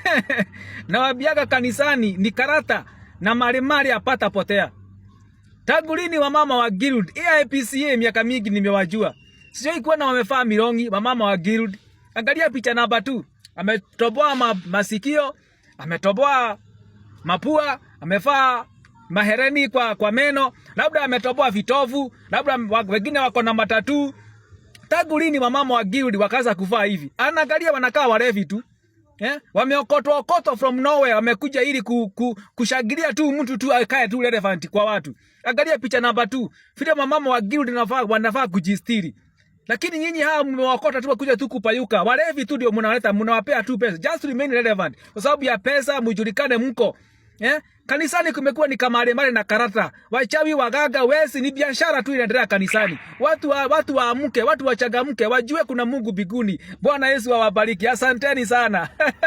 na wabiaga kanisani ni karata na malimali apata potea. Tangu lini mama wa guild AIPCA miaka mingi nimewajua. Sio ikuwa na wamefaa milongi mama wa guild. Angalia picha namba 2. Ametoboa ma masikio, ametoboa mapua, amefaa mahereni kwa, kwa meno, labda ametoboa vitovu, labda wengine wako na matatu. Tangu lini mama wa guild wakaanza kuvaa hivi? Anaangalia wanakaa walevi tu yeah? wameokotwa okotwa from nowhere, wamekuja ili ku, ku, kushangilia tu mtu tu akae tu relevant kwa watu. Angalia picha namba 2 vile mamama wa guild wanafaa wanafaa kujistiri, lakini nyinyi hawa mmewakota tu kuja tu kupayuka. Walevi tu ndio mnawaleta, mnawapea tu pesa, just remain relevant kwa sababu ya pesa, mjulikane mko Eh? Kanisani kumekuwa ni kamare mare na karata. Wachawi, wagaga, wezi ni biashara tu inaendelea kanisani. Watu wa, watu waamke, watu wachagamke, wajue kuna Mungu biguni. Bwana Yesu awabariki. Asanteni sana.